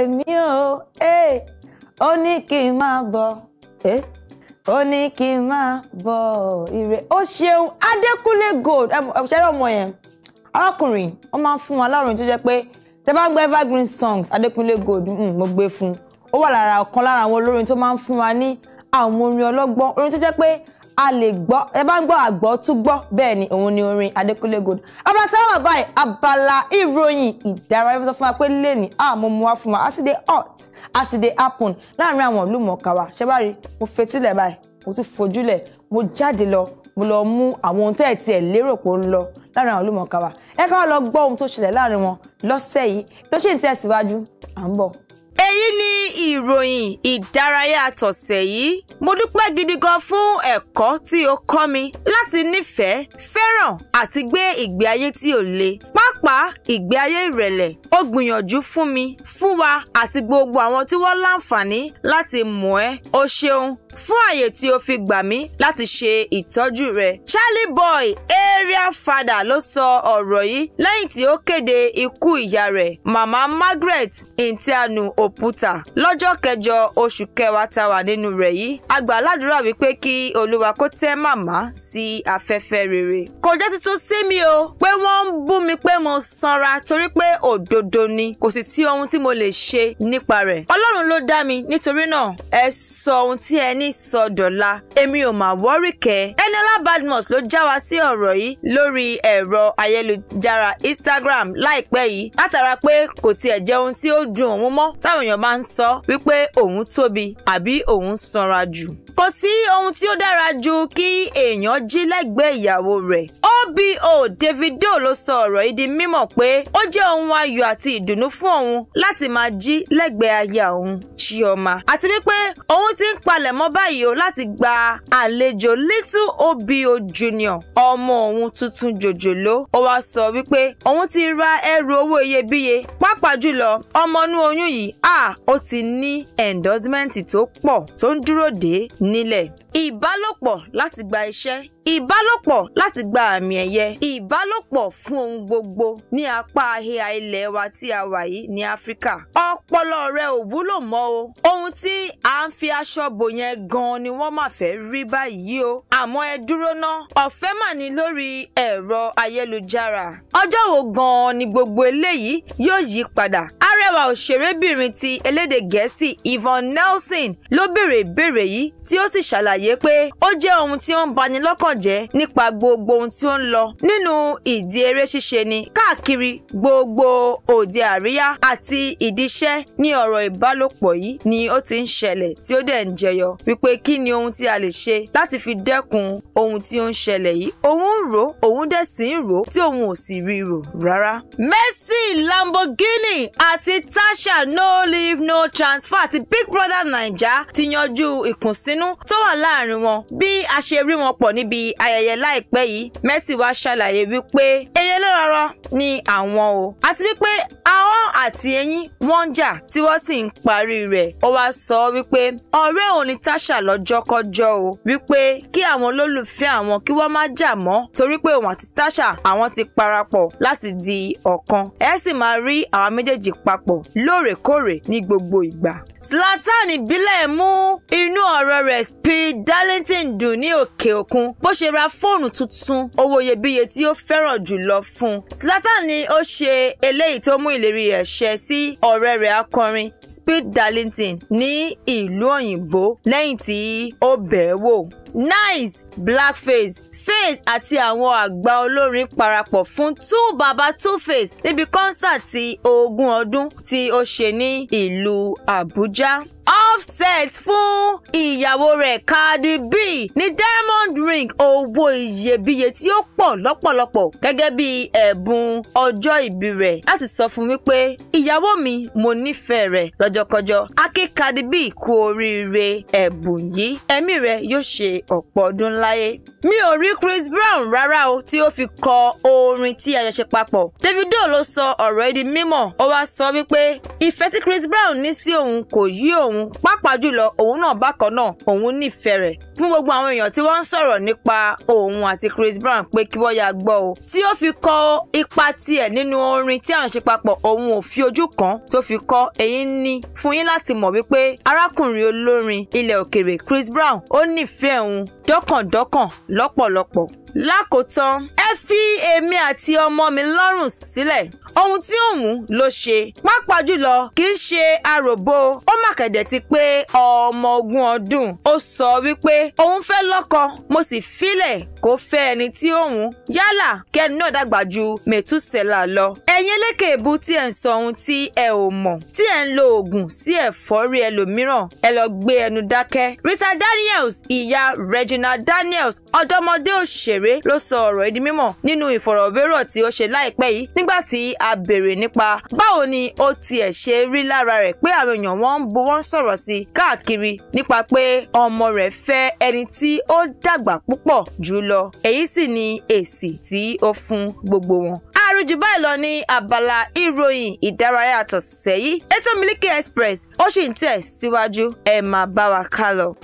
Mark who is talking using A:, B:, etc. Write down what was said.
A: èmi o eh, ó ní kí n máa bọ̀ eh, ó ní kí n máa bọ̀ ire ó ṣeun Adékúnlé Gold ṣẹlẹ ọmọ yẹn arákùnrin wọn máa ń fún wa láàrin tó jẹ pé tẹ bá ń gbọ́ evergreen songs Adékúnlé Gold mm, mo gbé fún un ó wà lára ọ̀kan lára àwọn olórin tó máa ń fún wa ní àwọn orin ọlọ́gbọ́n orin tó jẹ́ pé a lè gbọ́ ẹ bá ń gbọ́ àgbọ́ tún gbọ́ bẹ́ẹ̀ ni òun ni orin Adékúnlé Gold abala tí wọ́n báyìí abala ìròyìn ìdárayá tó fún wa pé lẹ́ni àmọ́ mu wá fún wa a hot a happen láàrin àwọn ìlú mọ̀ọ́ká wa ṣé bá rí mo fetílẹ̀ báyìí mo tún fojúlẹ̀ mo jáde lọ mo lọ mú àwọn ohun tẹ́ ẹ̀ tiẹ̀ lérò pé ń lọ láàrin àwọn ìlú mọ̀ọ́ká wa ẹ ká lọ gbọ́ ohun tó ṣẹlẹ̀ láàrin wọn lọ́sẹ̀ yìí tó ṣì ń tẹ̀síwájú à ń bọ̀ èyí ni ìròyìn ìdárayá tọ̀sẹ̀ yìí mo dúpẹ́ gidi gan fún ẹ̀kọ́ tí o kọ́ mi láti nífẹ̀ẹ́ fẹ́ràn àti gbé ìgbé ayé tí ò le pàápàá ìgbé ayé ìrẹ̀lẹ̀ gbìyànjú fún mi fún wa àti gbogbo àwọn tí wọ́n láǹfààní láti mọ̀ ẹ́ o ṣeun fún àyè tí o fi gbà mí láti ṣe ìtọ́jú rẹ. Charlie Boy area father ló sọ ọ̀rọ̀ yìí lẹ́yìn tí ó kéde ikú ìyá rẹ̀ mama Margaret Nteanu Oputa lọ́jọ́ kẹjọ oṣù kẹwàá tá wà nínú rẹ̀ yìí a gbà ládùúrà wípé kí olúwa kó tẹ́ màmá sí afẹ́fẹ́ rere. kò jẹ́ tuntun sí mi o pé wọ́n ń bú mi pé mo sanra torí pé òdodo òdodo ni kò sì sí ohun tí mo lè ṣe nípa rẹ̀ ọlọ́run ló dá mi nítorí náà ẹ sọ ohun tí ẹ ní sọ dọ̀la èmi ò mà wọ́rì kẹ́ Eniola Badmus ló já wa sí ọ̀rọ̀ yìí lórí ẹ̀rọ ayélujára Instagram láìpẹ́ yìí látara pé kò tiẹ̀ jẹ́ ohun tí ó dùn òun mọ́ táwọn èèyàn máa ń sọ wípé òun tóbi àbí òun sanra jù kò sí ohun tí ó dára ju kí èèyàn jí lẹ́gbẹ̀ẹ́ ìyàwó rẹ̀ ó OBO Davido ló sọ ọ̀rọ̀ yìí di mímọ̀ pé ó jẹ́ ohun ayọ̀ àti ìdùnnú fún òun láti máa jí lẹ́gbẹ̀ẹ́ aya òun Chioma àti wípé òun ti ń palẹ̀mọ́ báyìí o láti gba àlejò Little OBO Junior ọmọ òun tuntun jòjòló ó wá sọ wípé òun ti ra ẹrù owó iyebíye pàápàá jùlọ ọmọ inú oyún yìí à ó ti ní endorsement tó pọ̀ tó ń dúró dé nílẹ̀ ìbálòpọ̀ láti gba iṣẹ́ ìbálòpọ̀ láti gba àmì ẹ̀yẹ ìbálòpọ̀ fún ohun gbogbo ní apá ahìhà ilẹ̀ wa tí a wà yìí ní áfíríkà ọpọlọ rẹ ò wúlò mọ́ o ohun tí à ń fi aṣọ bò yẹn gan-an ni wọ́n máa fẹ́ rí báyìí o àmọ́ ẹ dúró ná ọ̀fẹ́ mà ní lórí ẹ̀rọ ayélujára ọjọ́ wo gan-an ni gbogbo eléyìí yóò yí padà arẹwà òṣèrébìnrin ti elédè gẹ̀ẹ́sì Yvonne Nelson ló béèrè ìbéèrè yìí tí ó sì ṣàlàyé ṣàlàyé pé ó jẹ́ ohun tí ó ń bani lọ́kàn jẹ́ nípa gbogbo ohun tí ó ń lọ nínú ìdí eré ṣíṣe ni káàkiri gbogbo òde àríyá àti ìdíṣẹ́ ní ọ̀rọ̀ ìbálòpọ̀ yìí ni ó ti ń ṣẹlẹ̀ tí ó dẹ̀ ń jẹyọ wípé kí ni ohun tí a lè ṣe láti fi dẹ́kun ohun tí ó ń ṣẹlẹ̀ yìí òun ń rò òun dẹ̀ sì ń rò tí òun ò sì rí rò rárá. Messi Lamborghini àti Tasha no leave no transfer àti Big Brother Naija ti yanjú ìkùnsínú tó wà láàrin láàrin wọn bí a ṣe rí wọn pọ̀ níbi ayẹyẹ láìpẹ́ yìí Mercy wá ṣàlàyé wípé eyín lọ́rọ̀ ni àwọn o àti wípé ahọ́n àti eyín wọ́n ń jà tí wọ́n sì ń parí rẹ̀ ó wá sọ wípé ọ̀rẹ́ òun ni Tasha lọ́jọ́kọ́jọ́ o wípé kí àwọn olólùfẹ́ àwọn kí wọ́n má jà mọ́ torí pé òun àti Tasha àwọn ti parapọ̀ láti di ọ̀kan ẹ sì máa rí àwọn méjèèjì papọ̀ lóòrèkóòrè ní gbogbo ìgbà. Zlatan Ìbílẹ̀ mú inú ọ̀rọ̀ rẹ̀ speed Darlington dùn ní òkè òkun bó ṣe ra fóònù tuntun owó iyebíye tí ó fẹ́ràn jùlọ fún un. Zlatan ni ó ṣe eléyìí tó mú ìlérí rẹ̀ ṣẹ sí ọ̀rẹ́ rẹ̀ akọrin Speed Darlington ní ìlú òyìnbó lẹ́yìn tí ó bẹ̀ẹ́ wò nice blackface faze àti àwọn àgbà olórin parapọ̀ fún two baba two face níbi kọ́nsà ti ogún ọdún tí ó ṣe ní ìlú Àbújá offset fún ìyàwó rẹ̀ Cardi B ní Diamond ring. Ring owó iyebíye tí ó pọ̀ lọ́pọ̀lọpọ̀ gẹ́gẹ́ bí ẹ̀bùn ọjọ́ ìbí rẹ̀ láti sọ fún mi pé ìyàwó mi mo nífẹ̀ẹ́ rẹ̀ lọ́jọ́kọjọ́ akí Cardi B kú oríire ẹ̀bùn yìí ẹ̀mí rẹ̀ yóò ṣe ọ̀pọ̀ ọdún láyé mi ò rí Chris Brown rárá o tí ó fi kọ orin tí a jọ ṣe papọ̀ Davido ló sọ ọ̀rọ̀ yìí di mímọ̀ ó wá sọ wípé ìfẹ́ tí Chris Brown ní sí òun kò yí òun pàápàá jùlọ òun náà bákan náà òun nífẹ̀ẹ́ rẹ̀ fún gbogbo àwọn èèyàn tí wọ́n ń sọ̀rọ̀ nípa òun àti Chris Brown pé kí wọ́n ya gbọ́ o tí ó fi kọ ipa tiẹ̀ nínú orin tí à ń ṣe papọ̀ òun ò fi ojú kan tó fi kọ èyí ní fún yín láti mọ̀ wípé arákùnrin olórin ilẹ̀ òkèrè Chris Brown ó nífẹ̀ẹ́ òun dọ́kàndọ́kàn lọ́pọ̀lọpọ̀. lákòótán fi èmi àti ọmọ mi lọ́rùn sílẹ̀ ohun tí òun ló ṣe pàápàá jùlọ kì í ṣe àròbó ó mà kẹ̀dẹ̀ ti pé ọmọ ogún ọdún ó sọ wípé òun fẹ́ lọ́kọ mo sì filẹ̀ kó fẹ́ ẹni tí òun yálà kẹ́ni náà dàgbà ju mẹ̀túsẹ̀là lọ. ẹ̀yin eléke èbú tí ẹ̀ ń sọ ohun tí ẹ ò mọ̀ tí ẹ̀ ń lo oògùn sí ẹ̀fọ́rí ẹlòmíràn ẹ lọ gbé ẹnu dákẹ́. Rita Daniels ìyá Regina Daniels ọ̀dọ́mọdé òṣèré ló sọ ọ̀rọ̀ ìdí mímọ̀ mọ̀ nínú ìfọ̀rọ̀wérọ̀ tí ó ṣe láìpẹ́ yìí nígbà tí a béèrè nípa báwo ni ó tiẹ̀ ṣe rí lára rẹ̀ pé àwọn èèyàn wọn ń bo wọn sọ̀rọ̀ sí i káàkiri nípa pé ọmọ rẹ̀ fẹ́ ẹni tí ó dàgbà púpọ̀ jù lọ èyí sì ni èsì tí ó fún gbogbo wọn àrùjù báyìí lọ ní abala ìròyìn ìdárayá àtọ̀sẹ̀ yìí ètò Miliki Express ó sì ń tẹ̀ síwájú ẹ máa bá wa ká lọ.